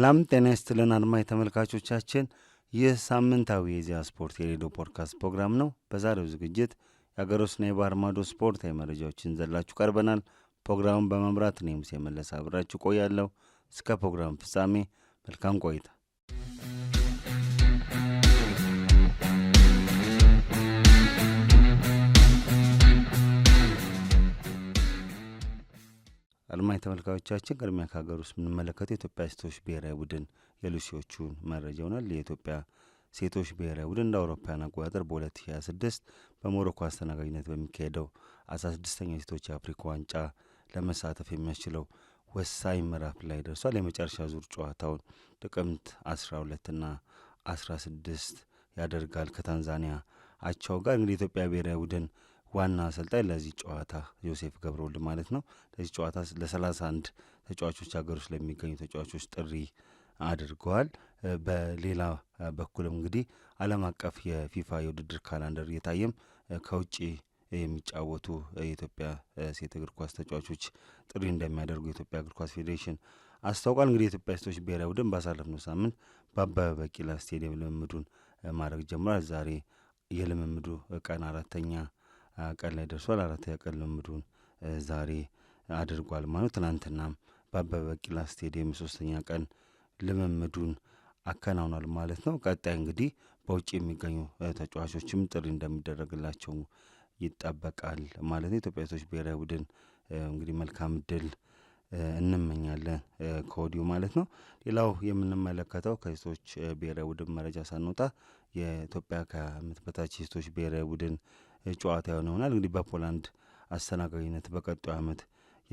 ሰላም ጤና ይስጥልን አድማጭ ተመልካቾቻችን፣ ይህ ሳምንታዊ የኢዜአ ስፖርት የሬዲዮ ፖድካስት ፕሮግራም ነው። በዛሬው ዝግጅት የአገር ውስጥና የባህር ማዶ ስፖርታዊ መረጃዎችን ዘላችሁ ቀርበናል። ፕሮግራሙን በመምራት እኔ ሙሴ መለሰ አብራችሁ ቆያለሁ። እስከ ፕሮግራም ፍጻሜ መልካም ቆይታ አድማጭ ተመልካዮቻችን ቅድሚያ ከሀገር ውስጥ የምንመለከተው የኢትዮጵያ ሴቶች ብሔራዊ ቡድን የሉሲዎቹን መረጃ ይሆናል። የኢትዮጵያ ሴቶች ብሔራዊ ቡድን እንደ አውሮፓውያን አቆጣጠር በ2026 በሞሮኮ አስተናጋጅነት በሚካሄደው 16ኛው የሴቶች የአፍሪካ ዋንጫ ለመሳተፍ የሚያስችለው ወሳኝ ምዕራፍ ላይ ደርሷል። የመጨረሻ ዙር ጨዋታውን ጥቅምት 12ና 16 ያደርጋል ከታንዛኒያ አቻው ጋር እንግዲህ የኢትዮጵያ ብሔራዊ ቡድን ዋና አሰልጣኝ ለዚህ ጨዋታ ዮሴፍ ገብረወልድ ማለት ነው። ለዚህ ጨዋታ ለሰላሳ አንድ ተጫዋቾች ሀገር ውስጥ ለሚገኙ ተጫዋቾች ጥሪ አድርገዋል። በሌላ በኩልም እንግዲህ ዓለም አቀፍ የፊፋ የውድድር ካላንደር እየታየም ከውጭ የሚጫወቱ የኢትዮጵያ ሴት እግር ኳስ ተጫዋቾች ጥሪ እንደሚያደርጉ የኢትዮጵያ እግር ኳስ ፌዴሬሽን አስታውቋል። እንግዲህ የኢትዮጵያ ሴቶች ብሔራዊ ቡድን ባሳለፍነው ሳምንት በአበበ ቢቂላ ስቴዲየም ልምምዱን ማድረግ ጀምሯል። ዛሬ የልምምዱ ቀን አራተኛ ቀን ላይ ደርሷል። አራተኛ ቀን ልምምዱን ዛሬ አድርጓል ማለት ትናንትናም በአበበ ቢቂላ ስቴዲየም ሶስተኛ ቀን ልምምዱን አከናውኗል ማለት ነው። ቀጣይ እንግዲህ በውጭ የሚገኙ ተጫዋቾችም ጥሪ እንደሚደረግላቸው ይጠበቃል ማለት ነው። ኢትዮጵያ ሴቶች ብሔራዊ ቡድን እንግዲህ መልካም ድል እንመኛለን ከወዲሁ ማለት ነው። ሌላው የምንመለከተው ከሴቶች ብሔራዊ ቡድን መረጃ ሳንወጣ የኢትዮጵያ ከዓመት በታች የሴቶች ብሔራዊ ቡድን ጨዋታ ይሆናል። እንግዲህ በፖላንድ አስተናጋጅነት በቀጣዩ ዓመት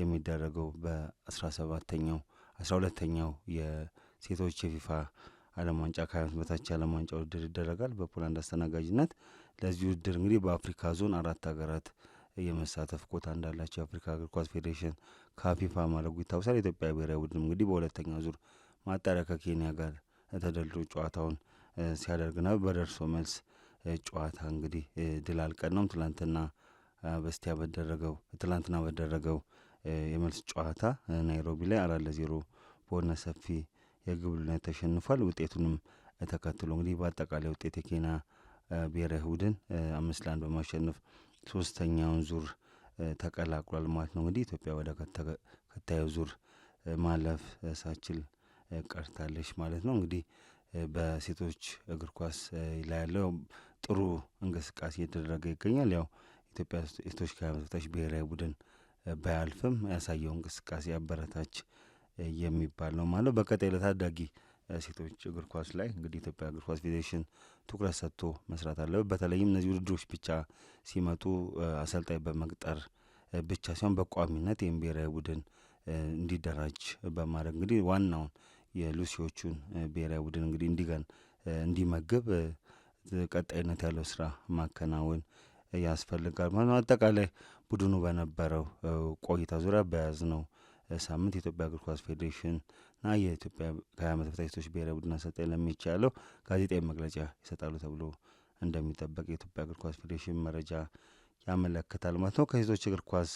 የሚደረገው በአስራ ሰባተኛው አስራ ሁለተኛው የሴቶች የፊፋ ዓለም ዋንጫ ከዓመት በታች የዓለም ዋንጫ ውድድር ይደረጋል በፖላንድ አስተናጋጅነት። ለዚህ ውድድር እንግዲህ በአፍሪካ ዞን አራት ሀገራት የመሳተፍ ኮታ እንዳላቸው የአፍሪካ እግር ኳስ ፌዴሬሽን ካፊፋ ማድረጉ ይታወሳል። የኢትዮጵያ ብሔራዊ ቡድን እንግዲህ በሁለተኛ ዙር ማጣሪያ ከኬንያ ጋር ተደልድሎ ጨዋታውን ሲያደርግ ነበር። በደርሶ መልስ ጨዋታ እንግዲህ ድል አልቀናውም። ትላንትና በስቲያ በደረገው ትላንትና በደረገው የመልስ ጨዋታ ናይሮቢ ላይ አራት ለዜሮ በሆነ ሰፊ የግብ ልዩነት ተሸንፏል። ውጤቱንም ተከትሎ እንግዲህ በአጠቃላይ ውጤት የኬንያ ብሔራዊ ቡድን አምስት ለአንድ በማሸነፍ ሶስተኛውን ዙር ተቀላቅሏል ማለት ነው። እንግዲህ ኢትዮጵያ ወደ ከታዩ ዙር ማለፍ ሳችል ቀርታለች ማለት ነው። እንግዲህ በሴቶች እግር ኳስ ላይ ያለው ጥሩ እንቅስቃሴ እየተደረገ ይገኛል። ያው ኢትዮጵያ የተወካዮች ሴቶች ብሔራዊ ቡድን ባያልፍም ያሳየው እንቅስቃሴ አበረታች የሚባል ነው ማለት በቀጣይ ለታዳጊ ሴቶች እግር ኳስ ላይ እንግዲህ ኢትዮጵያ እግር ኳስ ፌዴሬሽን ትኩረት ሰጥቶ መስራት አለበት። በተለይም እነዚህ ውድድሮች ብቻ ሲመጡ አሰልጣኝ በመቅጠር ብቻ ሲሆን በቋሚነት ይህም ብሔራዊ ቡድን እንዲደራጅ በማድረግ እንግዲህ ዋናውን የሉሲዎቹን ብሔራዊ ቡድን እንግዲህ እንዲገን እንዲመግብ ቀጣይነት ያለው ስራ ማከናወን ያስፈልጋል ማለት ነው። አጠቃላይ ቡድኑ በነበረው ቆይታ ዙሪያ በያዝነው ሳምንት የኢትዮጵያ እግር ኳስ ፌዴሬሽን እና የኢትዮጵያ ከሀያ ዓመት በታች ሴቶች ብሔራዊ ቡድን አሰልጣኝ ለሚቻ ያለው ጋዜጣዊ መግለጫ ይሰጣሉ ተብሎ እንደሚጠበቅ የኢትዮጵያ እግር ኳስ ፌዴሬሽን መረጃ ያመለክታል ማለት ነው። ከሴቶች እግር ኳስ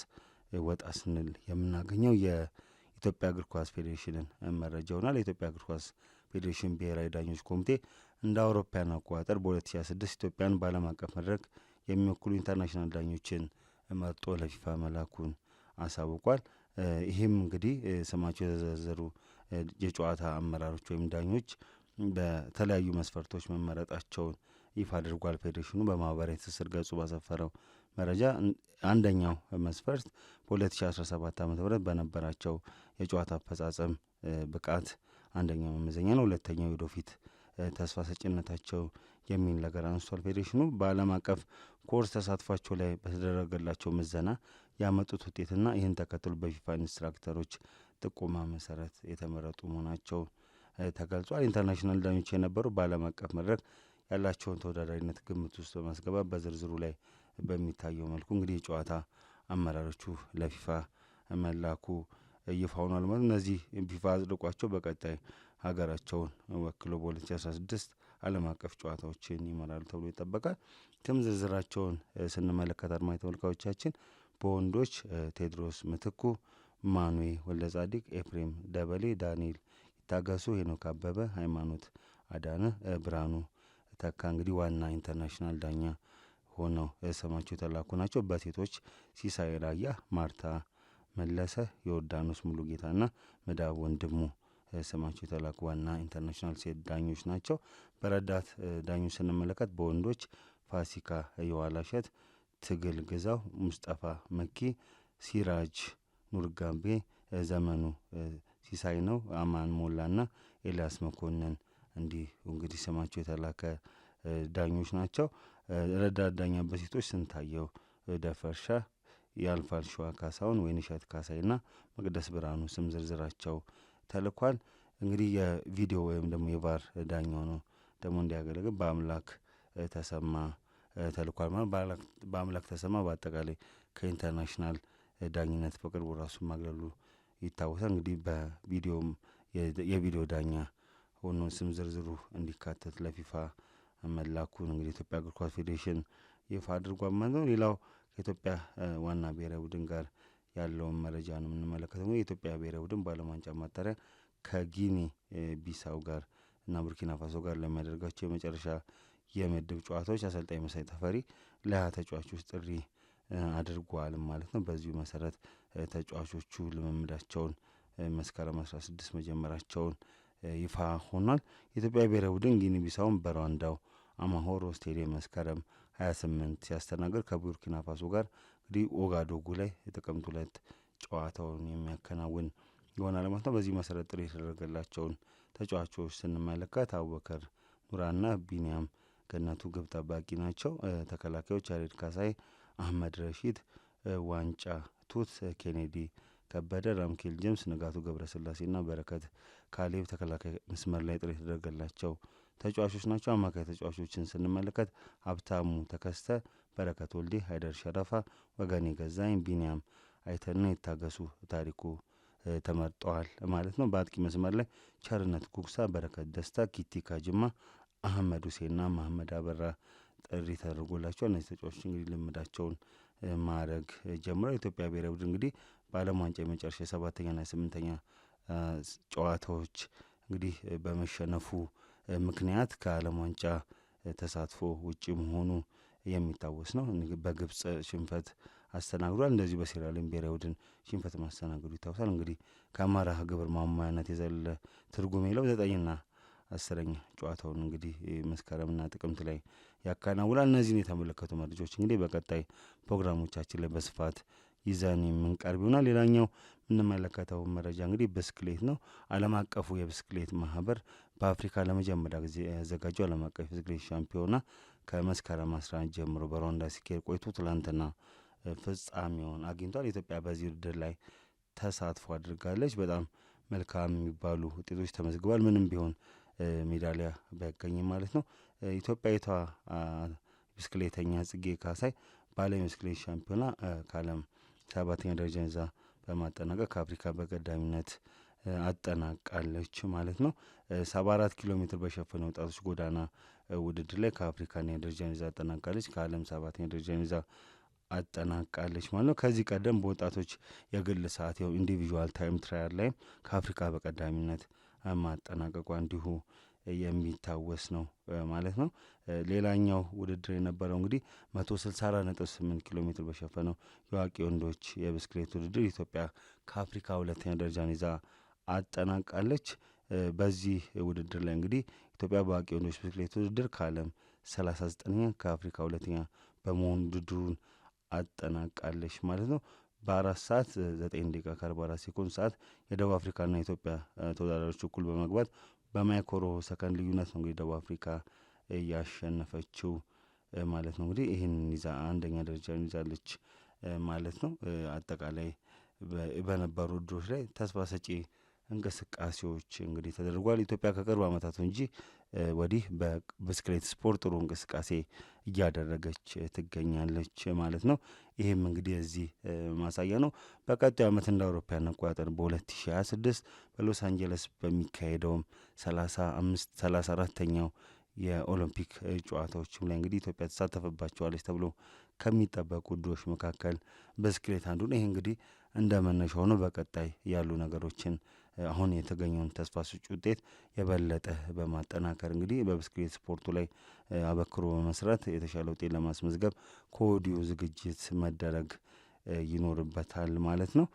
ወጣ ስንል የምናገኘው የኢትዮጵያ እግር ኳስ ፌዴሬሽንን መረጃ ይሆናል። የኢትዮጵያ እግር ኳስ ፌዴሬሽን ብሔራዊ ዳኞች ኮሚቴ እንደ አውሮፓውያን አቆጣጠር በ2026 ኢትዮጵያን በዓለም አቀፍ መድረክ የሚወክሉ ኢንተርናሽናል ዳኞችን መርጦ ለፊፋ መላኩን አሳውቋል። ይህም እንግዲህ ስማቸው የተዘረዘሩ የጨዋታ አመራሮች ወይም ዳኞች በተለያዩ መስፈርቶች መመረጣቸውን ይፋ አድርጓል። ፌዴሬሽኑ በማህበራዊ ትስስር ገጹ ባሰፈረው መረጃ አንደኛው መስፈርት በ2017 ዓ ም በነበራቸው የጨዋታ አፈጻጸም ብቃት አንደኛው መመዘኛ ነው። ሁለተኛው የወደፊት ተስፋ ሰጭነታቸው የሚል ነገር አንስቷል። ፌዴሬሽኑ በዓለም አቀፍ ኮርስ ተሳትፏቸው ላይ በተደረገላቸው ምዘና ያመጡት ውጤትና ይህን ተከትሎ በፊፋ ኢንስትራክተሮች ጥቆማ መሰረት የተመረጡ መሆናቸው ተገልጿል። ኢንተርናሽናል ዳኞች የነበሩ በዓለም አቀፍ መድረክ ያላቸውን ተወዳዳሪነት ግምት ውስጥ በማስገባት በዝርዝሩ ላይ በሚታየው መልኩ እንግዲህ የጨዋታ አመራሮቹ ለፊፋ መላኩ ይፋ ሆኗል ማለት እነዚህ ፊፋ አጽድቋቸው በቀጣይ ሀገራቸውን ወክሎ በ2016 ዓለም አቀፍ ጨዋታዎችን ይመራሉ ተብሎ ይጠበቃል። ስም ዝርዝራቸውን ስንመለከት አድማጭ ተመልካቾቻችን በወንዶች ቴድሮስ ምትኩ፣ ማኑዌ ወልደ ጻዲቅ፣ ኤፍሬም ደበሌ፣ ዳንኤል ይታገሱ፣ ሄኖክ አበበ፣ ሃይማኖት አዳነ፣ ብርሃኑ ተካ እንግዲህ ዋና ኢንተርናሽናል ዳኛ ሆነው ስማቸው የተላኩ ናቸው። በሴቶች ሲሳይ ራያ፣ ማርታ መለሰ፣ ዮርዳኖስ ሙሉጌታና መዳብ ወንድሙ ስማቸው የተላኩ ዋና ኢንተርናሽናል ሴት ዳኞች ናቸው። በረዳት ዳኞች ስንመለከት በወንዶች ፋሲካ የዋላሸት፣ ትግል ግዛው፣ ሙስጠፋ መኪ፣ ሲራጅ ኑርጋቤ፣ ዘመኑ ሲሳይ ነው፣ አማን ሞላና ኤልያስ መኮንን እንዲህ እንግዲህ ስማቸው የተላከ ዳኞች ናቸው። ረዳት ዳኛ በሴቶች ስንታየው ደፈርሻ፣ የአልፋልሸዋ ካሳውን፣ ወይንሸት ካሳይና መቅደስ ብርሃኑ ስም ዝርዝራቸው ተልኳል። እንግዲህ የቪዲዮ ወይም ደግሞ የቫር ዳኛ ሆኖ ደግሞ እንዲያገለግል በአምላክ ተሰማ ተልኳል። ማለት በአምላክ ተሰማ በአጠቃላይ ከኢንተርናሽናል ዳኝነት በቅርቡ ራሱ ማግለሉ ይታወሳል። እንግዲህ በቪዲዮም የቪዲዮ ዳኛ ሆኖ ስም ዝርዝሩ እንዲካተት ለፊፋ መላኩን እንግዲህ ኢትዮጵያ እግር ኳስ ፌዴሬሽን ይፋ አድርጓል ማለት ነው። ሌላው ከኢትዮጵያ ዋና ብሔራዊ ቡድን ጋር ያለውን መረጃ ነው የምንመለከተው። የኢትዮጵያ ብሔራዊ ቡድን በዓለም ዋንጫ ማጣሪያ ከጊኒ ቢሳው ጋር እና ቡርኪና ፋሶ ጋር ለሚያደርጋቸው የመጨረሻ የምድብ ጨዋታዎች አሰልጣኝ መሳይ ተፈሪ ለሀያ ተጫዋቾች ጥሪ አድርጓል ማለት ነው። በዚሁ መሰረት ተጫዋቾቹ ልምምዳቸውን መስከረም አስራ ስድስት መጀመራቸውን ይፋ ሆኗል። የኢትዮጵያ ብሔራዊ ቡድን ጊኒ ቢሳውን በሯንዳው አማሆሮ ስቴዲየም መስከረም ሀያ ስምንት ሲያስተናግድ ከቡርኪና ፋሶ ጋር እንግዲህ ኦጋዶጉ ላይ የጥቅምት ሁለት ጨዋታውን የሚያከናውን ይሆናል ማለት ነው። በዚህ መሰረት ጥሪ የተደረገላቸውን ተጫዋቾች ስንመለከት አቡበከር ኑራና ቢንያም ገነቱ ግብ ጠባቂ ናቸው። ተከላካዮች ያሬድ ካሳይ፣ አህመድ ረሺድ፣ ዋንጫ ቱት፣ ኬኔዲ ከበደ፣ ራምኬል ጀምስ፣ ንጋቱ ገብረስላሴና በረከት ካሌብ ተከላካይ መስመር ላይ ጥሪ የተደረገላቸው ተጫዋቾች ናቸው። አማካይ ተጫዋቾችን ስንመለከት ሀብታሙ ተከስተ በረከት ወልዴ፣ ሀይደር ሸረፋ፣ ወገኔ ገዛኝ፣ ቢንያም አይተና የታገሱ ታሪኩ ተመርጠዋል ማለት ነው። በአጥቂ መስመር ላይ ቸርነት ጉግሳ፣ በረከት ደስታ፣ ኪቲ ካጅማ፣ አህመድ ሁሴንና መሀመድ አበራ ጥሪ ተደርጎላቸዋል። እነዚህ ተጫዋቾች እንግዲህ ልምዳቸውን ማድረግ ጀምረው የኢትዮጵያ ብሔራዊ ቡድን እንግዲህ በዓለም ዋንጫ የመጨረሻ የሰባተኛና የስምንተኛ ጨዋታዎች እንግዲህ በመሸነፉ ምክንያት ከዓለም ዋንጫ ተሳትፎ ውጪ መሆኑ የሚታወስ ነው። በግብጽ ሽንፈት አስተናግዷል። እንደዚሁ በሴራሊዮን ብሔራዊ ቡድን ሽንፈት ማስተናገዱ ይታወሳል። እንግዲህ ከአማራ ግብር ማሟያነት የዘለለ ትርጉም የለው። ዘጠኝና አስረኛ ጨዋታውን እንግዲህ መስከረምና ጥቅምት ላይ ያከናውላል። እነዚህን የተመለከቱ መረጃዎች እንግዲህ በቀጣይ ፕሮግራሞቻችን ላይ በስፋት ይዘን የምንቀርብ ይሆናል። ሌላኛው የምንመለከተው መረጃ እንግዲህ ብስክሌት ነው። ዓለም አቀፉ የብስክሌት ማህበር በአፍሪካ ለመጀመሪያ ጊዜ ያዘጋጀው ዓለም አቀፍ የብስክሌት ሻምፒዮና ከመስከረም 11 ጀምሮ በሩዋንዳ ሲካሄድ ቆይቶ ትላንትና ፍጻሜውን አግኝቷል። ኢትዮጵያ በዚህ ውድድር ላይ ተሳትፎ አድርጋለች። በጣም መልካም የሚባሉ ውጤቶች ተመዝግቧል። ምንም ቢሆን ሜዳሊያ ቢያገኝም ማለት ነው። ኢትዮጵያዊቷ ብስክሌተኛ ጽጌ ካሳይ በዓለም ብስክሌት ሻምፒዮና ከዓለም ሰባተኛ ደረጃ ይዛ በማጠናቀቅ ከአፍሪካ በቀዳሚነት አጠናቃለች ማለት ነው። ሰባ አራት ኪሎ ሜትር በሸፈነ ወጣቶች ጎዳና ውድድር ላይ ከአፍሪካን ደረጃን ይዛ አጠናቃለች። ከዓለም ሰባተኛ ደረጃን ይዛ አጠናቃለች ማለት ነው። ከዚህ ቀደም በወጣቶች የግል ሰዓት ያው ኢንዲቪዥዋል ታይም ትራያል ላይ ከአፍሪካ በቀዳሚነት ማጠናቀቋ እንዲሁ የሚታወስ ነው ማለት ነው። ሌላኛው ውድድር የነበረው እንግዲህ መቶ ስልሳ አራት ነጥብ ስምንት ኪሎ ሜትር በሸፈነው የዋቂ ወንዶች የብስክሌት ውድድር ኢትዮጵያ ከአፍሪካ ሁለተኛ ደረጃን ይዛ አጠናቃለች። በዚህ ውድድር ላይ እንግዲህ ኢትዮጵያ በአዋቂ ወንዶች ብስክሌት ውድድር ከዓለም ሰላሳ ዘጠነኛ ከአፍሪካ ሁለተኛ በመሆን ውድድሩን አጠናቃለች ማለት ነው። በአራት ሰዓት ዘጠኝ ደቂቃ ከአርባ አራት ሴኮንድ ሰዓት የደቡብ አፍሪካና የኢትዮጵያ ተወዳዳሪዎች እኩል በመግባት በማይክሮ ሰከንድ ልዩነት ነው እንግዲህ ደቡብ አፍሪካ እያሸነፈችው ማለት ነው። እንግዲህ ይህን ይዛ አንደኛ ደረጃ ይዛለች ማለት ነው። አጠቃላይ በነበሩ ውድድሮች ላይ ተስፋ ሰጪ እንቅስቃሴዎች እንግዲህ ተደርጓል። ኢትዮጵያ ከቅርብ ዓመታት እንጂ ወዲህ በብስክሌት ስፖርት ጥሩ እንቅስቃሴ እያደረገች ትገኛለች ማለት ነው። ይህም እንግዲህ የዚህ ማሳያ ነው። በቀጣዩ ዓመት እንደ አውሮፓውያን አቆጣጠር በ2026 በሎስ አንጀለስ በሚካሄደውም 35 34ተኛው የኦሎምፒክ ጨዋታዎችም ላይ እንግዲህ ኢትዮጵያ ተሳተፈባቸዋለች ተብሎ ከሚጠበቁ ድሎች መካከል ብስክሌት አንዱ ነው። ይህ እንግዲህ እንደ መነሻ ሆኖ በቀጣይ ያሉ ነገሮችን አሁን የተገኘውን ተስፋ ሰጪ ውጤት የበለጠ በማጠናከር እንግዲህ በብስክሌት ስፖርቱ ላይ አበክሮ በመስራት የተሻለ ውጤት ለማስመዝገብ ከወዲሁ ዝግጅት መደረግ ይኖርበታል ማለት ነው።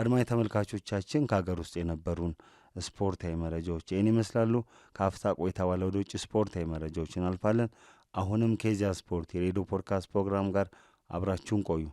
አድማጭ ተመልካቾቻችን ከሀገር ውስጥ የነበሩን ስፖርታዊ መረጃዎች ይህን ይመስላሉ። ከአፍታ ቆይታ ባለ ወደ ውጭ ስፖርታዊ መረጃዎች እናልፋለን። አሁንም ከዚያ ስፖርት የሬዲዮ ፖድካስት ፕሮግራም ጋር አብራችሁን ቆዩ።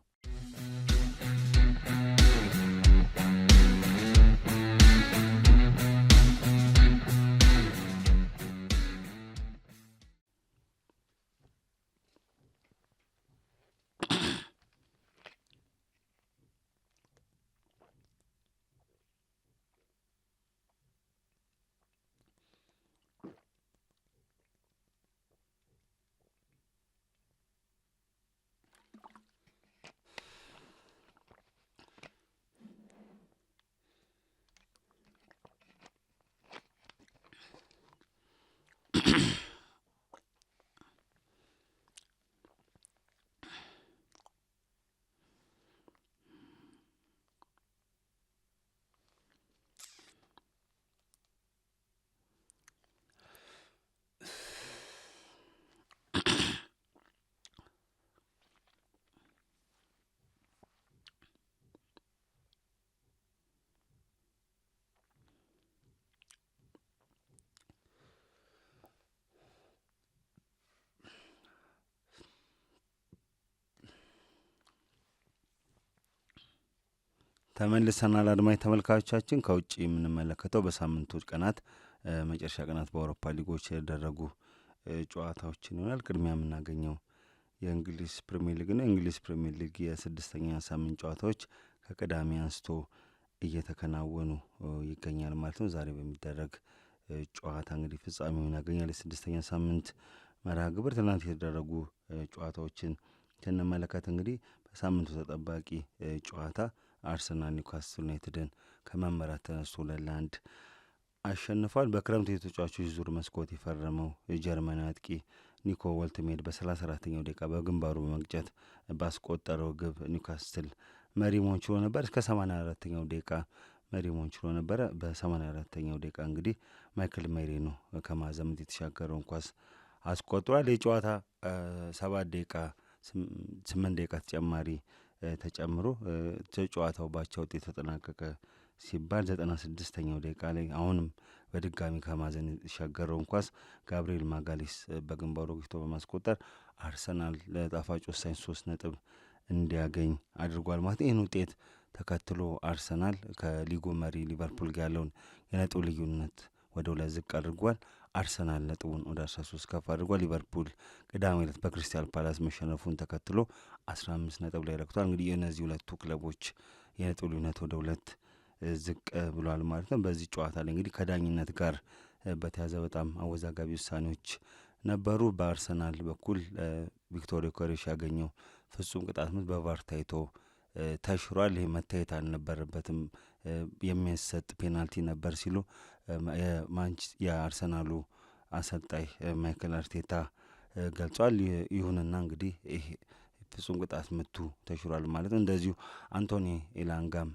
ተመልሰናል አድማጭ ተመልካቾቻችን። ከውጭ የምንመለከተው በሳምንቱ ቀናት መጨረሻ ቀናት በአውሮፓ ሊጎች የተደረጉ ጨዋታዎችን ይሆናል። ቅድሚያ የምናገኘው የእንግሊዝ ፕሪሚየር ሊግ ነው። የእንግሊዝ ፕሪሚየር ሊግ የስድስተኛ ሳምንት ጨዋታዎች ከቅዳሜ አንስቶ እየተከናወኑ ይገኛል ማለት ነው። ዛሬ በሚደረግ ጨዋታ እንግዲህ ፍጻሜውን ያገኛል የስድስተኛ ሳምንት መርሃ ግብር። ትናንት የተደረጉ ጨዋታዎችን ስንመለከት እንግዲህ በሳምንቱ ተጠባቂ ጨዋታ አርሰናል ኒውካስትል ዩናይትድን ከመመራት ተነስቶ ሁለት አሸንፏል። በክረምት የተጫዋቾች ዙር መስኮት የፈረመው የጀርመን አጥቂ ኒኮ ወልትሜድ በሰላሳ አራተኛው ደቂቃ በግንባሩ በመግጨት ባስቆጠረው ግብ ኒውካስትል መሪ መሆን ችሎ ነበር። እስከ ሰማንያ አራተኛው ደቂቃ መሪ መሆን ችሎ ነበረ። በሰማንያ አራተኛው ደቂቃ እንግዲህ ማይክል ሜሪኖ ከማዘምት የተሻገረውን ኳስ አስቆጥሯል። የጨዋታ ሰባት ደቂቃ ስምንት ደቂቃ ተጨማሪ ተጨምሮ ጨዋታው ባቻ ውጤት ተጠናቀቀ ሲባል ዘጠና ስድስተኛው ደቂቃ ላይ አሁንም በድጋሚ ከማዘን የሻገረውን ኳስ ጋብርኤል ማጋሌስ በግንባሩ ወግቶ በማስቆጠር አርሰናል ለጣፋጭ ወሳኝ ሶስት ነጥብ እንዲያገኝ አድርጓል ማለት ይህን ውጤት ተከትሎ አርሰናል ከሊጉ መሪ ሊቨርፑል ጋር ያለውን የነጥብ ልዩነት ወደ ሁለት ዝቅ አድርጓል። አርሰናል ነጥቡን ወደ ሶስት ከፍ አድርጓል። ሊቨርፑል ቅዳሜ ዕለት በክሪስታል ፓላስ መሸነፉን ተከትሎ 15 ነጥብ ላይ ረክቷል። እንግዲህ የእነዚህ ሁለቱ ክለቦች የነጥብ ልዩነት ወደ ሁለት ዝቅ ብሏል ማለት ነው። በዚህ ጨዋታ ላይ እንግዲህ ከዳኝነት ጋር በተያዘ በጣም አወዛጋቢ ውሳኔዎች ነበሩ። በአርሰናል በኩል ቪክቶር ዮከሬሽ ያገኘው ፍጹም ቅጣት ምት በቫር ታይቶ ተሽሯል። ይህ መታየት አልነበረበትም የሚያሰጥ ፔናልቲ ነበር ሲሉ የአርሰናሉ አሰልጣኝ ማይክል አርቴታ ገልጿል። ይሁንና እንግዲህ ይህ ፍጹም ቅጣት ምቱ ተሽሯል ማለት ነው። እንደዚሁ አንቶኒ ኢላንጋም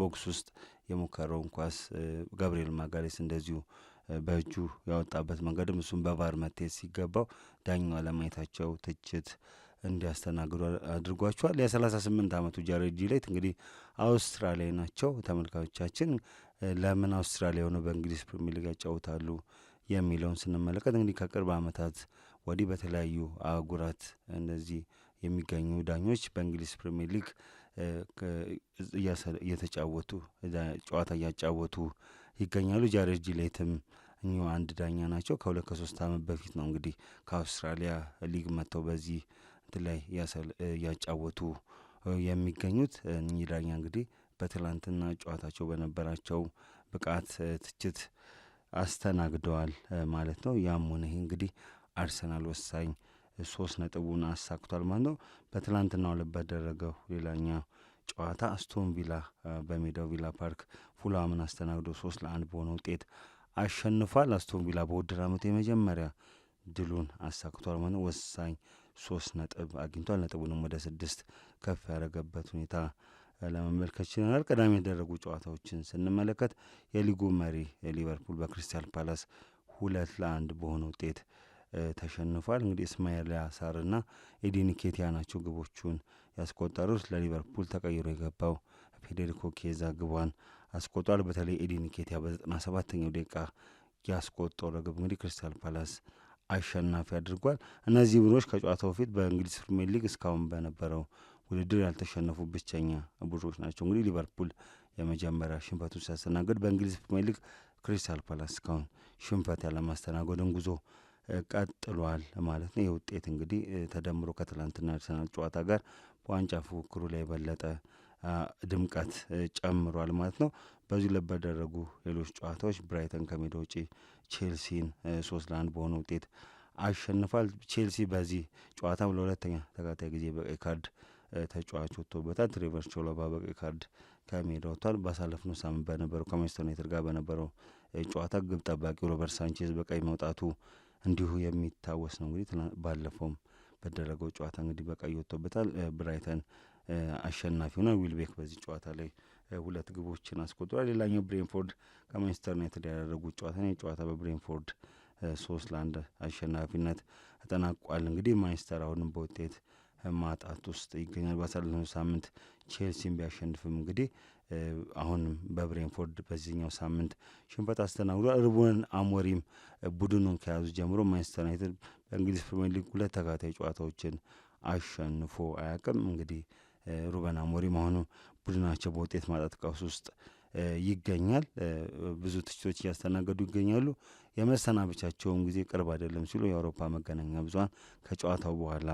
ቦክስ ውስጥ የሞከረውን ኳስ ገብርኤል ማጋሌስ እንደዚሁ በእጁ ያወጣበት መንገድም እሱም በቫር መቴት ሲገባው ዳኛው አለማየታቸው ትችት እንዲያስተናግዱ አድርጓቸዋል። የሰላሳ ስምንት ዓመቱ ጃሬድ ጃሬት እንግዲህ አውስትራሊያ ናቸው። ተመልካቾቻችን ለምን አውስትራሊያ ሆነው በእንግሊዝ ፕሪሚየር ሊግ ያጫውታሉ የሚለውን ስንመለከት እንግዲህ ከቅርብ ዓመታት ወዲህ በተለያዩ አህጉራት እነዚህ የሚገኙ ዳኞች በእንግሊዝ ፕሪሚየር ሊግ እየተጫወቱ ጨዋታ እያጫወቱ ይገኛሉ። ጃሬድ ጃሬትም እኚሁ አንድ ዳኛ ናቸው። ከሁለት ከሶስት ዓመት በፊት ነው እንግዲህ ከአውስትራሊያ ሊግ መጥተው በዚህ ላይ እያጫወቱ የሚገኙት እኚህ ዳኛ እንግዲህ በትላንትና ጨዋታቸው በነበራቸው ብቃት ትችት አስተናግደዋል ማለት ነው። ያም ሆነ ይህ እንግዲህ አርሰናል ወሳኝ ሶስት ነጥቡን አሳክቷል ማለት ነው። በትላንትና ዕለት በደረገው ሌላኛ ጨዋታ አስቶን ቪላ በሜዳው ቪላ ፓርክ ፉላምን አስተናግዶ ሶስት ለአንድ በሆነ ውጤት አሸንፏል። አስቶን ቪላ በውድድር ዓመቱ የመጀመሪያ ድሉን አሳክቷል ማለት ነው። ወሳኝ ሶስት ነጥብ አግኝቷል። ነጥቡንም ወደ ስድስት ከፍ ያደረገበት ሁኔታ ለመመልከት ችለናል። ቀዳሚ የተደረጉ ጨዋታዎችን ስንመለከት የሊጉ መሪ ሊቨርፑል በክሪስታል ፓላስ ሁለት ለአንድ በሆነ ውጤት ተሸንፏል። እንግዲህ እስማኤል ያሳርና ኤዲን ኬቲያ ናቸው ግቦቹን ያስቆጠሩት። ለሊቨርፑል ተቀይሮ የገባው ፌዴሪኮ ኬዛ ግቧን አስቆጧል። በተለይ ኤዲን ኬቲያ በዘጠና ሰባተኛው ደቂቃ ያስቆጠረ ግብ እንግዲህ ክሪስታል ፓላስ አሸናፊ አድርጓል። እነዚህ ቡድኖች ከጨዋታው በፊት በእንግሊዝ ፕሪሚየር ሊግ እስካሁን በነበረው ውድድር ያልተሸነፉ ብቸኛ ቡድኖች ናቸው። እንግዲህ ሊቨርፑል የመጀመሪያ ሽንፈቱን ሲያስተናግድ፣ በእንግሊዝ ፕሪሚየር ሊግ ክሪስታል ፓላስ እስካሁን ሽንፈት ያለማስተናገዱን ጉዞ ቀጥሏል ማለት ነው። ይህ ውጤት እንግዲህ ተደምሮ ከትላንትና አርሰናል ጨዋታ ጋር በዋንጫ ፉክክሩ ላይ የበለጠ ድምቀት ጨምሯል ማለት ነው። በዚህ ዕለት በተደረጉ ሌሎች ጨዋታዎች ብራይተን ከሜዳ ውጪ ቼልሲን ሶስት ለአንድ በሆነ ውጤት አሸንፏል። ቼልሲ በዚህ ጨዋታም ለሁለተኛ ተከታታይ ጊዜ በቀይ ካርድ ተጫዋች ወጥቶበታል። ትሬቨር ቾሎባ በቀይ ካርድ ከሜዳ ወጥቷል። ባሳለፍነው ሳምንት በነበረው ከማንቸስተር ዩናይትድ ጋር በነበረው ጨዋታ ግብ ጠባቂው ሮበርት ሳንቼዝ በቀይ መውጣቱ እንዲሁ የሚታወስ ነው። እንግዲህ ባለፈውም በደረገው ጨዋታ እንግዲህ በቀይ ወጥቶበታል። ብራይተን አሸናፊ ሆነ። ዊልቤክ በዚህ ጨዋታ ላይ ሁለት ግቦችን አስቆጥሯል። ሌላኛው ብሬንፎርድ ከማንቸስተር ዩናይትድ ያደረጉት ጨዋታ ነው። ጨዋታ በብሬንፎርድ ሶስት ለአንድ አሸናፊነት ተጠናቋል። እንግዲህ ማንቸስተር አሁንም በውጤት ማጣት ውስጥ ይገኛል። ባሳለፍነው ሳምንት ቼልሲን ቢያሸንፍም እንግዲህ አሁንም በብሬንፎርድ በዚህኛው ሳምንት ሽንፈት አስተናግዷል። ሩበን አሞሪም ቡድኑን ከያዙ ጀምሮ ማንቸስተር ዩናይትድ በእንግሊዝ ፕሪምየር ሊግ ሁለት ተከታታይ ጨዋታዎችን አሸንፎ አያውቅም። እንግዲህ ሩበን አሞሪም አሁንም ቡድናቸው በውጤት ማጣት ቀውስ ውስጥ ይገኛል። ብዙ ትችቶች እያስተናገዱ ይገኛሉ። የመሰናበቻቸውም ጊዜ ቅርብ አይደለም ሲሉ የአውሮፓ መገናኛ ብዙኃን ከጨዋታው በኋላ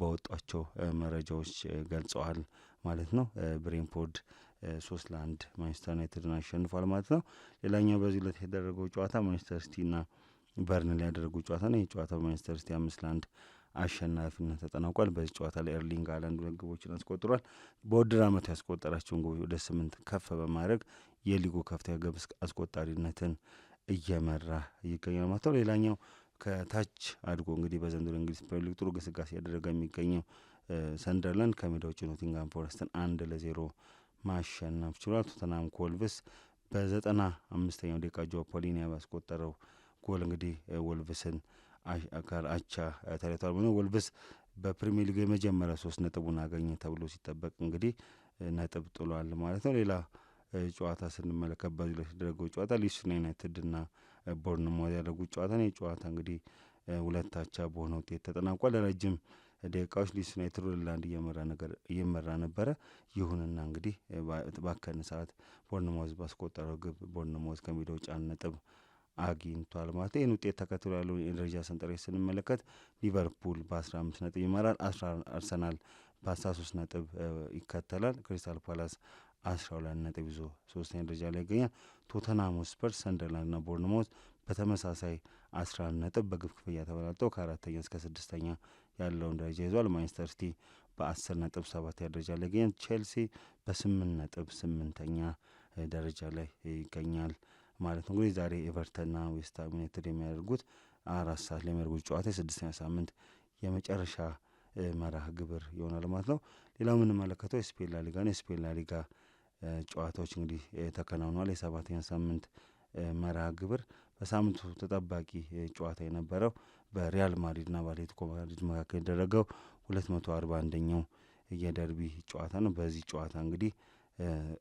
በወጧቸው መረጃዎች ገልጸዋል ማለት ነው። ብሬንፖርድ ሶስት ለአንድ ማንቸስተር ዩናይትድን አሸንፏል ማለት ነው። ሌላኛው በዚህ ዕለት የተደረገው ጨዋታ ማንቸስተር ሲቲና በርን ላይ ያደረጉ ጨዋታ ነው። ይህ ጨዋታ በማንቸስተር ሲቲ አምስት ለአንድ አሸናፊነት ተጠናቋል። በዚህ ጨዋታ ላይ ኤርሊንግ ሃላንድ ሁለት ግቦችን አስቆጥሯል። በውድድር ዓመቱ ያስቆጠራቸውን ግቦች ወደ ስምንት ከፍ በማድረግ የሊጉ ከፍተኛ ግብ አስቆጣሪነትን እየመራ ይገኛል ማለት ነው። ሌላኛው ከታች አድጎ እንግዲህ በዘንድሮ እንግሊዝ ፕሪሚየር ሊግ ጥሩ ግስጋሴ ያደረገ የሚገኘው ሰንደርላንድ ከሜዳ ውጭ ኖቲንግሃም ፎረስትን አንድ ለዜሮ ማሸነፍ ችሏል። ቶተናም ኮልቭስ በዘጠና አምስተኛው ደቂቃ ጆ ፖሊኒያ ባስቆጠረው ጎል እንግዲህ ወልቭስን አቻ ተለያይተዋል ማለት ነው። ወልቭስ በፕሪሚየር ሊግ የመጀመሪያ ሶስት ነጥቡን አገኘ ተብሎ ሲጠበቅ እንግዲህ ነጥብ ጥሏል ማለት ነው። ሌላ ጨዋታ ስንመለከት በዚህ ላይ ሲደረገው ጨዋታ ሊስና ዩናይትድና ቦርንማውዝ ያደረጉት ጨዋታ ነው። የጨዋታ እንግዲህ ሁለት አቻ በሆነ ውጤት ተጠናቋል። ለረጅም ደቂቃዎች ሊድስ ዩናይትድ ሁለት ለአንድ እየመራ ነገር እየመራ ነበረ። ይሁንና እንግዲህ ባከን ሰዓት ቦርንማውዝ ባስቆጠረው ግብ ቦርንማውዝ ከሜዳ ጫን ነጥብ አግኝቷል ማለት ነው። ይህን ውጤት ተከትሎ ያለውን የደረጃ ሰንጠረዥ ስንመለከት ሊቨርፑል በአስራ አምስት ነጥብ ይመራል። አርሰናል በአስራ ሶስት ነጥብ ይከተላል። ክሪስታል ፓላስ አስራ ሁለት ነጥብ ይዞ ሶስተኛ ደረጃ ላይ ይገኛል። ቶተንሃም ስፐርስ፣ ና ቦርንሞዝ በተመሳሳይ አስራ አንድ ነጥብ በግብ ክፍያ ተበላልጠው ከአራተኛ እስከ ስድስተኛ ያለውን ደረጃ ይዟል። ማንቸስተር ሲቲ በአስር ነጥብ ሰባተኛ ደረጃ ላይ ይገኛል። ቼልሲ በስምንት ነጥብ ስምንተኛ ደረጃ ላይ ይገኛል። ማለት ነው። እንግዲህ ዛሬ ኤቨርተንና ዌስትሃም ዩናይትድ የሚያደርጉት አራት ሰዓት ለሚያደርጉት ጨዋታ የስድስተኛ ሳምንት የመጨረሻ መርሃ ግብር ይሆናል ማለት ነው። ሌላው የምንመለከተው የስፔን ላሊጋ ነው። የስፔን ላሊጋ ጨዋታዎች እንግዲህ ተከናውኗል። የሰባተኛ ሳምንት መርሃ ግብር በሳምንቱ ተጠባቂ ጨዋታ የነበረው በሪያል ማድሪድና በአትሌቲኮ ማድሪድ መካከል የተደረገው ሁለት መቶ አርባ አንደኛው የደርቢ ጨዋታ ነው። በዚህ ጨዋታ እንግዲህ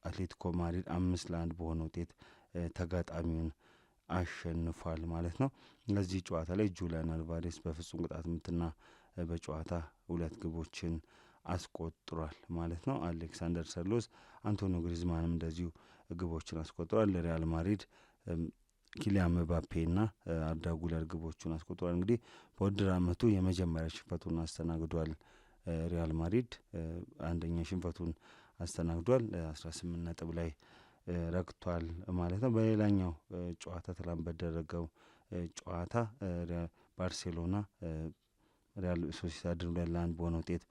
አትሌቲኮ ማድሪድ አምስት ለአንድ በሆነ ውጤት ተጋጣሚውን አሸንፏል ማለት ነው። በዚህ ጨዋታ ላይ ጁሊያን አልቫሬስ በፍጹም ቅጣት ምትና በጨዋታ ሁለት ግቦችን አስቆጥሯል ማለት ነው። አሌክሳንደር ሰርሎስ፣ አንቶኒዮ ግሪዝማንም እንደዚሁ ግቦችን አስቆጥሯል። ለሪያል ማድሪድ ኪሊያን ና አርዳ ጉለር ግቦቹን አስቆጥሯል። እንግዲህ በውድድር ዓመቱ የመጀመሪያ ሽንፈቱን አስተናግዷል። ሪያል ማድሪድ አንደኛ ሽንፈቱን አስተናግዷል። አስራ ስምንት ነጥብ ላይ ረግቷል ማለት ነው። በሌላኛው ጨዋታ ትላንት በደረገው ጨዋታ ባርሴሎና ሪያል ሶሲዳድ ሁለት ለአንድ በሆነ ውጤት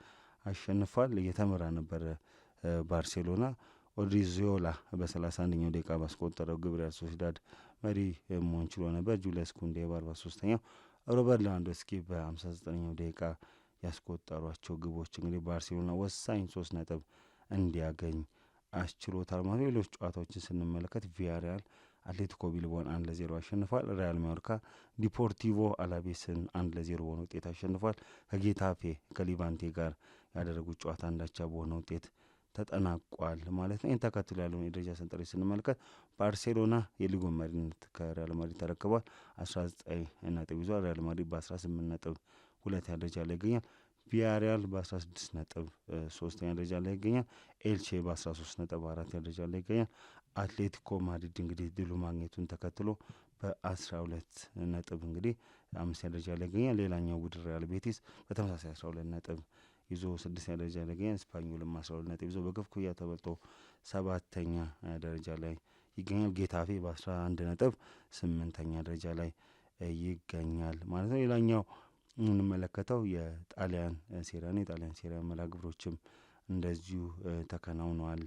አሸንፏል። እየተመራ ነበረ ባርሴሎና ኦድሪዞላ በሰላሳ አንደኛው ደቂቃ ባስቆጠረው ግብ ሪያል ሶሲዳድ መሪ መሆን ችሎ ነበር። ጁልስ ኩንዴ በአርባ ሶስተኛው ሮበርት ሌቫንዶቭስኪ በአምሳ ዘጠነኛው ደቂቃ ያስቆጠሯቸው ግቦች እንግዲህ ባርሴሎና ወሳኝ ሶስት ነጥብ እንዲያገኝ አስችሎታል ማለት ነው። ሌሎች ጨዋታዎችን ስንመለከት ቪያሪያል አትሌቲኮ ቢልቦን አንድ ለዜሮ አሸንፏል። ሪያል ማዮርካ ዲፖርቲቮ አላቤስን አንድ ለዜሮ በሆነ ውጤት አሸንፏል። ከጌታፌ ከሊቫንቴ ጋር ያደረጉት ጨዋታ አንዳቻ በሆነ ውጤት ተጠናቋል ማለት ነው። ይህን ተከትሎ ያለውን የደረጃ ሰንጠረዥ ስንመለከት ባርሴሎና የሊጎ መሪነት ከሪያል ማድሪድ ተረክቧል። አስራ ዘጠኝ ነጥብ ይዟል። ሪያል ማድሪድ በአስራ ስምንት ነጥብ ሁለተኛ ደረጃ ላይ ይገኛል። ቪያሪያል በ16 ነጥብ ሶስተኛ ደረጃ ላይ ይገኛል። ኤልቼ በ13 ነጥብ አራተኛ ደረጃ ላይ ይገኛል። አትሌቲኮ ማድሪድ እንግዲህ ድሉ ማግኘቱን ተከትሎ በ12 ነጥብ እንግዲህ አምስተኛ ደረጃ ላይ ይገኛል። ሌላኛው ቡድን ሪያል ቤቲስ በተመሳሳይ 12 ነጥብ ይዞ ስድስተኛ ደረጃ ላይ ይገኛል። ስፓኞልም 12 ነጥብ ይዞ በግብ ክያ ተበልጦ ሰባተኛ ደረጃ ላይ ይገኛል። ጌታፌ በ11 ነጥብ ስምንተኛ ደረጃ ላይ ይገኛል ማለት ነው። ሌላኛው የምንመለከተው የጣሊያን ሴሪያን የጣሊያን ሴሪያ መርሃ ግብሮችም እንደዚሁ ተከናውነዋል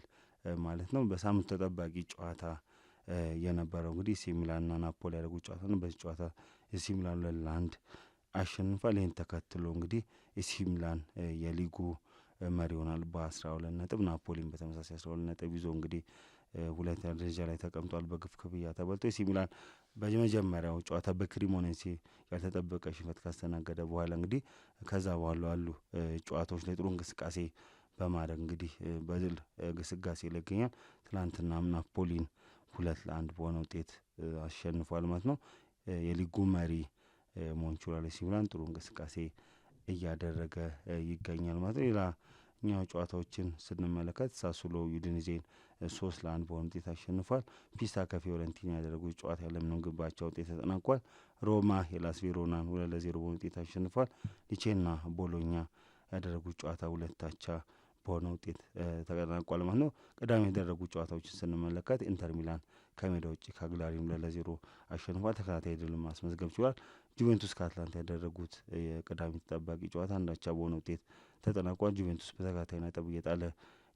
ማለት ነው። በሳምንት ተጠባቂ ጨዋታ የነበረው እንግዲህ ኤሲ ሚላንና ናፖሊ ያደረጉ ጨዋታ ነው። በዚህ ጨዋታ ኤሲ ሚላን ሁለት ለአንድ አሸንፏል። ይህን ተከትሎ እንግዲህ ኤሲ ሚላን የሊጉ መሪ ይሆናል በአስራ ሁለት ነጥብ ናፖሊን በተመሳሳይ አስራ ሁለት ነጥብ ይዞ እንግዲህ ሁለተኛ ደረጃ ላይ ተቀምጧል። በግብ ክብያ ተበልጦ ኤሲ ሚላን በመጀመሪያው ጨዋታ በክሪሞኔሴ ያልተጠበቀ ሽንፈት ካስተናገደ በኋላ እንግዲህ ከዛ በኋላ አሉ ጨዋታዎች ላይ ጥሩ እንቅስቃሴ በማድረግ እንግዲህ በድል ግስጋሴ ላይ ይገኛል። ትናንትናም ናፖሊን ሁለት ለአንድ በሆነ ውጤት አሸንፏል ማለት ነው። የሊጉ መሪ ሞንቹራሌሲ ሲሚላን ጥሩ እንቅስቃሴ እያደረገ ይገኛል ማለት ነው። ሌላ እኛው ጨዋታዎችን ስንመለከት ሳሱሎ ዩዲኒዜን ሶስት ለአንድ በሆነ ውጤት አሸንፏል። ፒሳ ከፊዮረንቲና ያደረጉት ጨዋታ ያለምንም ግብ አቻ ውጤት ተጠናቋል። ሮማ ሄላስ ቬሮናን ሁለት ለዜሮ በሆነ ውጤት አሸንፏል። ሊቼና ቦሎኛ ያደረጉት ጨዋታ ሁለት አቻ በሆነ ውጤት ተጠናቋል ማለት ነው። ቅዳሜ የተደረጉ ጨዋታዎችን ስንመለከት ኢንተር ሚላን ከሜዳ ውጭ ከአግላሪም ሁለት ለዜሮ አሸንፏል። ተከታታይ ድል ማስመዝገብ ችሏል። ጁቬንቱስ ከአትላንታ ያደረጉት የቅዳሜ ተጠባቂ ጨዋታ አንዳቻ በሆነ ውጤት ተጠናቋል። ጁቬንቱስ በተከታታይ ነጥብ እየጣለ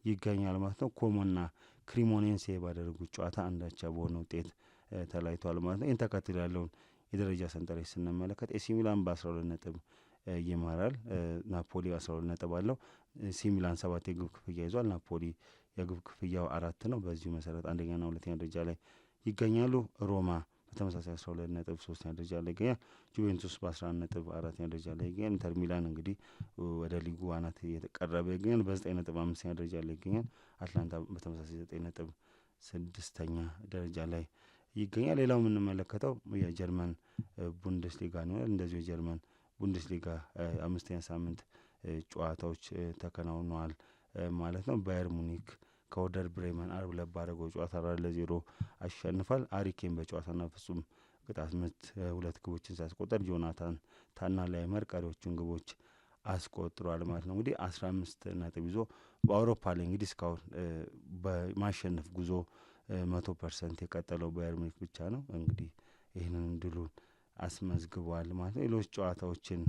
ይገኛል ማለት ነው። ኮሞና ክሪሞኔንሴ ባደረጉት ጨዋታ አንዳቻ በሆነ ውጤት ተላይቷል ማለት ነው። ይህን ተከትሎ ያለውን የደረጃ ሰንጠረዥ ስንመለከት ኤሲ ሚላን በአስራ ሁለት ነጥብ ይመራል። ናፖሊ አስራ ሁለት ነጥብ አለው። ኤሲ ሚላን ሰባት የግብ ክፍያ ይዟል። ናፖሊ የግብ ክፍያው አራት ነው። በዚሁ መሰረት አንደኛና ሁለተኛ ደረጃ ላይ ይገኛሉ። ሮማ በተመሳሳይ አስራ ሁለት ነጥብ ሶስተኛ ደረጃ ላይ ይገኛል። ጁቬንቱስ በአስራ አንድ ነጥብ አራተኛ ደረጃ ላይ ይገኛል። ኢንተር ሚላን እንግዲህ ወደ ሊጉ አናት እየተቀረበ ይገኛል። በዘጠኝ ነጥብ አምስተኛ ደረጃ ላይ ይገኛል። አትላንታ በተመሳሳይ ዘጠኝ ነጥብ ስድስተኛ ደረጃ ላይ ይገኛል። ሌላው የምንመለከተው የጀርመን ቡንደስሊጋ ነው። እንደዚሁ የጀርመን ቡንደስሊጋ አምስተኛ ሳምንት ጨዋታዎች ተከናውነዋል ማለት ነው። ባየር ሙኒክ ከወደር ብሬመን አርብ ዕለት ባደረገው ጨዋታ አራት ለዜሮ አሸንፏል። አሪኬን በጨዋታና ፍጹም ቅጣት ምት ሁለት ግቦችን ሲያስቆጠር ጆናታን ታና ላይመር ቀሪዎቹን ግቦች አስቆጥሯል ማለት ነው። እንግዲህ አስራ አምስት ነጥብ ይዞ በአውሮፓ ላይ እንግዲህ እስካሁን በማሸነፍ ጉዞ መቶ ፐርሰንት የቀጠለው ባየር ሙኒክ ብቻ ነው። እንግዲህ ይህንን ድሉን አስመዝግቧል ማለት ነው። ሌሎች ጨዋታዎችን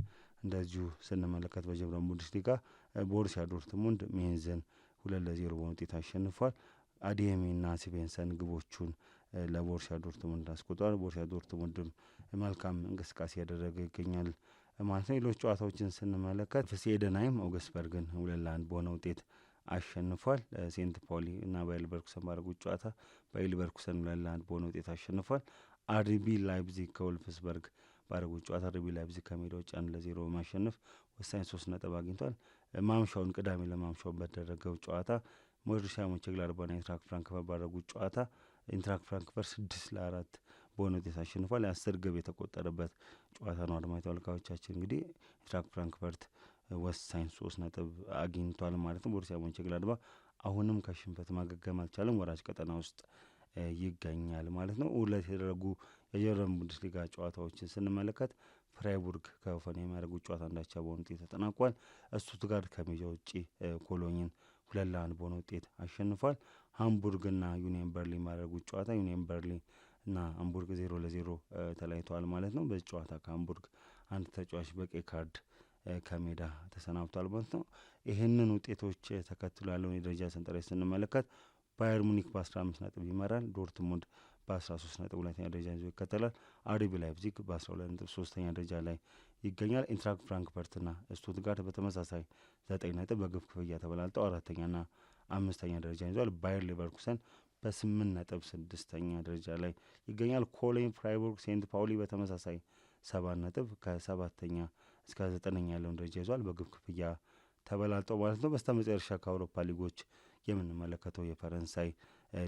እንደዚሁ ስንመለከት በጀርመን ቡንደስሊጋ ቦሩሲያ ዶርትሙንድ ሜንዝን ሁለት ለዜሮ በሆነ ውጤት አሸንፏል። አዲየሚና ሲቬንሰን ግቦቹን ለቦርሻ ዶርትሙንድ አስቆጥሯል። ቦርሻ ዶርትሙንድም መልካም እንቅስቃሴ ያደረገ ይገኛል ማለት ነው። ሌሎች ጨዋታዎችን ስንመለከት ፍሲ ኤደንሃይም ኦገስበርግን ሁለት ለአንድ በሆነ ውጤት አሸንፏል። ሴንት ፓውሊ እና በኤልቨርኩሰን ሌቨርኩሰን ባደረጉት ጨዋታ በኤልቨርኩሰን ሌቨርኩሰን ሁለት ለአንድ በሆነ ውጤት አሸንፏል። አርቢ ላይፕዚግ ከወልፍስበርግ ባደረጉት ጨዋታ አርቢ ላይፕዚግ ከሜዳ ውጭ አንድ ለዜሮ በማሸነፍ ወሳኝ ሶስት ነጥብ አግኝቷል። ማምሻውን ቅዳሜ ለማምሻውን በተደረገው ጨዋታ ሞሪሻ ሞንቸግላርባና ኢንትራክ ፍራንክፈር ባደረጉት ጨዋታ ኢንትራክ ፍራንክፈር ስድስት ለአራት በሆነ ውጤት አሸንፏል። የአስር ግብ የተቆጠረበት ጨዋታ ነው። አድማጭ ተመልካቾቻችን እንግዲህ ኢንትራክ ፍራንክፈርት ወሳኝ ሶስት ነጥብ አግኝቷል ማለት ነው። ቦሩሲያ ሞንቸግላድባ አሁንም ከሽንፈት ማገገም አልቻለም። ወራጅ ቀጠና ውስጥ ይገኛል ማለት ነው። ሁለት የተደረጉ የጀርመን ቡንደስሊጋ ጨዋታዎችን ስንመለከት ፍራይቡርግ ከሆፈን የሚያደርጉት ጨዋታ እንዳቻ በሆነ ውጤት ተጠናቋል። ስቱትጋርት ከሜዳ ውጪ ኮሎኝን ሁለት ለአንድ በሆነ ውጤት አሸንፏል። ሃምቡርግና ዩኒየን በርሊን የሚያደርጉት ጨዋታ ዩኒየን በርሊን እና ሃምቡርግ ዜሮ ለዜሮ ተለያይተዋል ማለት ነው። በዚህ ጨዋታ ከሃምቡርግ አንድ ተጫዋች በቀይ ካርድ ከሜዳ ተሰናብቷል ማለት ነው። ይህንን ውጤቶች ተከትሎ ያለውን የደረጃ ሰንጠረዥ ስንመለከት ባየር ሙኒክ በአስራ አምስት ነጥብ ይመራል። ዶርትሙንድ በአስራ ሶስት ነጥብ ሁለተኛ ደረጃ ይዞ ይከተላል። አርቢ ላይፕዚግ በአስራ ሁለት ነጥብ ሶስተኛ ደረጃ ላይ ይገኛል። ኢንትራክ ፍራንክፈርት ና ስቱትጋርት በተመሳሳይ ዘጠኝ ነጥብ በግብ ክፍያ ተበላልጠው አራተኛ ና አምስተኛ ደረጃ ይዟል። ባየር ሌቨርኩሰን በስምንት ነጥብ ስድስተኛ ደረጃ ላይ ይገኛል። ኮሎኝ፣ ፍራይቡርግ፣ ሴንት ፓውሊ በተመሳሳይ ሰባት ነጥብ ከሰባተኛ እስከ ዘጠነኛ ያለውን ደረጃ ይዟል። በግብ ክፍያ ተበላልጠው ማለት ነው። በስተ መጨረሻ ከአውሮፓ ሊጎች የምንመለከተው የፈረንሳይ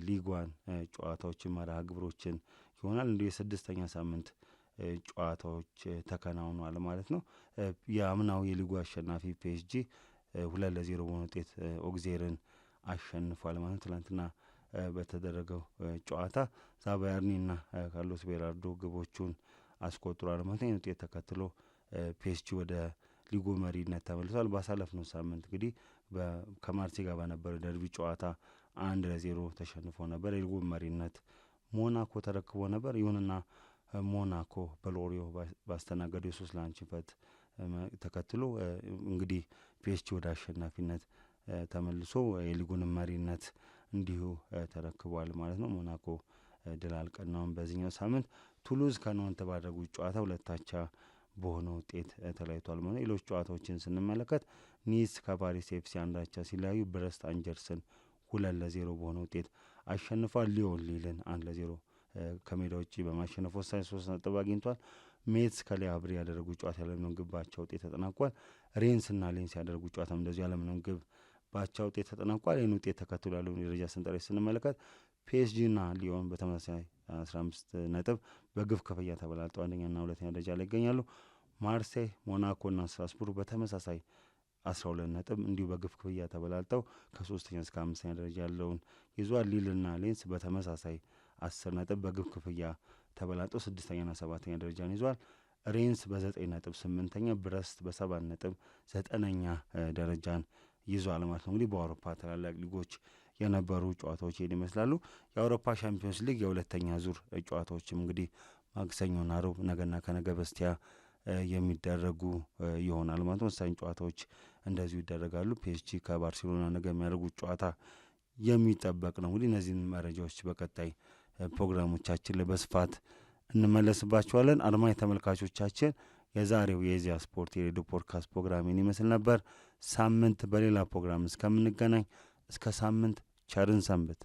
ሊጓን ጨዋታዎችን መርሃ ግብሮችን ይሆናል። እንዲሁ የስድስተኛ ሳምንት ጨዋታዎች ተከናውኗል ማለት ነው። የአምናው የሊጉ አሸናፊ ፒኤስጂ ሁለት ለዜሮ በሆነ ውጤት ኦግዜርን አሸንፏል ማለት ነው። ትናንትና በተደረገው ጨዋታ ዛባያርኒና ካርሎስ ቤራርዶ ግቦቹን አስቆጥሯል ማለት ነው። ይህን ውጤት ተከትሎ ፒኤስጂ ወደ ሊጉ መሪነት ተመልሷል። ባሳለፍነው ሳምንት እንግዲህ ከማርሴ ጋር በነበረው ደርቢ ጨዋታ አንድ ለዜሮ ተሸንፎ ነበር። የሊጉ መሪነት ሞናኮ ተረክቦ ነበር። ይሁንና ሞናኮ በሎሪዮ ባስተናገዱ የሶስት ለአንድ ሽንፈት ተከትሎ እንግዲህ ፒኤስጂ ወደ አሸናፊነት ተመልሶ የሊጉን መሪነት እንዲሁ ተረክቧል ማለት ነው። ሞናኮ ድል አልቀናውም። በዚህኛው ሳምንት ቱሉዝ ከኖንት ባደረጉት ጨዋታ ሁለታቻ በሆነ ውጤት ተለያይቷል ማለት ሌሎች ጨዋታዎችን ስንመለከት ኒስ ከፓሪስ ኤፍሲ አንዳቻ ሲለያዩ፣ ብረስት አንጀርስን ሁለት ለዜሮ በሆነ ውጤት አሸንፏል። ሊዮን ሊልን አንድ ለዜሮ ከሜዳ ውጭ በማሸነፍ ወሳኝ ሶስት ነጥብ አግኝቷል። ሜትስ ከሊያ ብሪ ያደረጉ ጨዋታ ያለምንም ግብ ባቻ ውጤት ተጠናቋል። ሬንስና ሌንስ ያደረጉ ጨዋታም እንደዚሁ ያለምንም ግብ ባቻ ውጤት ተጠናቋል። ይህን ውጤት ተከትሎ ያለውን የደረጃ ሰንጠረዥ ስንመለከት ፒኤስጂና ሊዮን በተመሳሳይ አስራ አምስት ነጥብ በግብ ክፍያ ተበላልጠው አንደኛና ሁለተኛ ደረጃ ላይ ይገኛሉ። ማርሴይ፣ ሞናኮና ስትራስቡር በተመሳሳይ አስራ ሁለት ነጥብ እንዲሁ በግብ ክፍያ ተበላልጠው ከሶስተኛ እስከ አምስተኛ ደረጃ ያለውን ይዟል። ሊልና ሌንስ በተመሳሳይ አስር ነጥብ በግብ ክፍያ ተበላልጠው ስድስተኛና ሰባተኛ ደረጃን ይዟል። ሬንስ በዘጠኝ ነጥብ ስምንተኛ፣ ብረስት በሰባት ነጥብ ዘጠነኛ ደረጃን ይዟል ማለት ነው። እንግዲህ በአውሮፓ ታላላቅ ሊጎች የነበሩ ጨዋታዎች ይሄን ይመስላሉ። የአውሮፓ ሻምፒዮንስ ሊግ የሁለተኛ ዙር ጨዋታዎችም እንግዲህ ማክሰኞና ሮብ ነገና ከነገ በስቲያ የሚደረጉ ይሆናል ማለት ነው። ወሳኝ ጨዋታዎች እንደዚሁ ይደረጋሉ። ፒኤስጂ ከባርሴሎና ነገ የሚያደርጉት ጨዋታ የሚጠበቅ ነው። እንግዲህ እነዚህን መረጃዎች በቀጣይ ፕሮግራሞቻችን ላይ በስፋት እንመለስባቸዋለን። አድማጭ ተመልካቾቻችን የዛሬው የኢዜአ ስፖርት የሬዲዮ ፖድካስት ፕሮግራም ፕሮግራሜን ይመስል ነበር። ሳምንት በሌላ ፕሮግራም እስከምንገናኝ እስከ ሳምንት ቸርን ሰንብት።